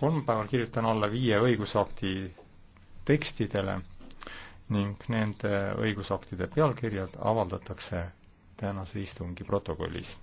kolmapäeval kirjutan alla viie õigusakti tekstidele ning nende õigusaktide pealkirjad avaldatakse tänase istungi protokollis